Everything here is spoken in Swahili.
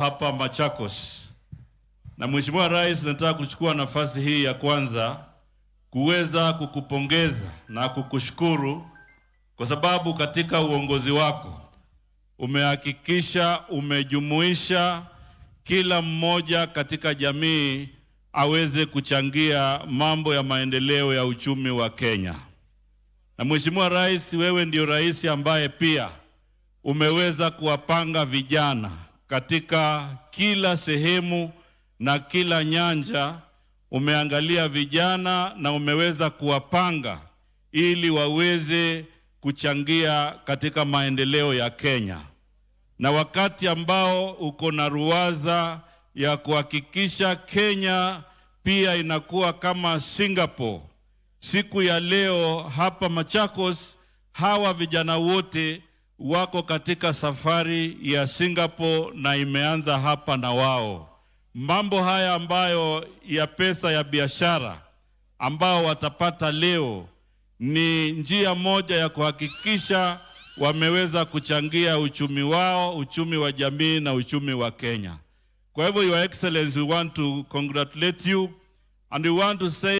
hapa Machakos, na Mheshimiwa Rais, nataka kuchukua nafasi hii ya kwanza kuweza kukupongeza na kukushukuru kwa sababu katika uongozi wako umehakikisha umejumuisha kila mmoja katika jamii aweze kuchangia mambo ya maendeleo ya uchumi wa Kenya. Na Mheshimiwa Rais, wewe ndio rais ambaye pia umeweza kuwapanga vijana katika kila sehemu na kila nyanja. Umeangalia vijana na umeweza kuwapanga ili waweze kuchangia katika maendeleo ya Kenya, na wakati ambao uko na ruwaza ya kuhakikisha Kenya pia inakuwa kama Singapore. Siku ya leo hapa Machakos, hawa vijana wote wako katika safari ya Singapore na imeanza hapa na wao. Mambo haya ambayo ya pesa ya biashara ambao watapata leo ni njia moja ya kuhakikisha wameweza kuchangia uchumi wao, uchumi wa jamii na uchumi wa Kenya. Kwa hivyo, Your Excellency, we want to congratulate you and we want to say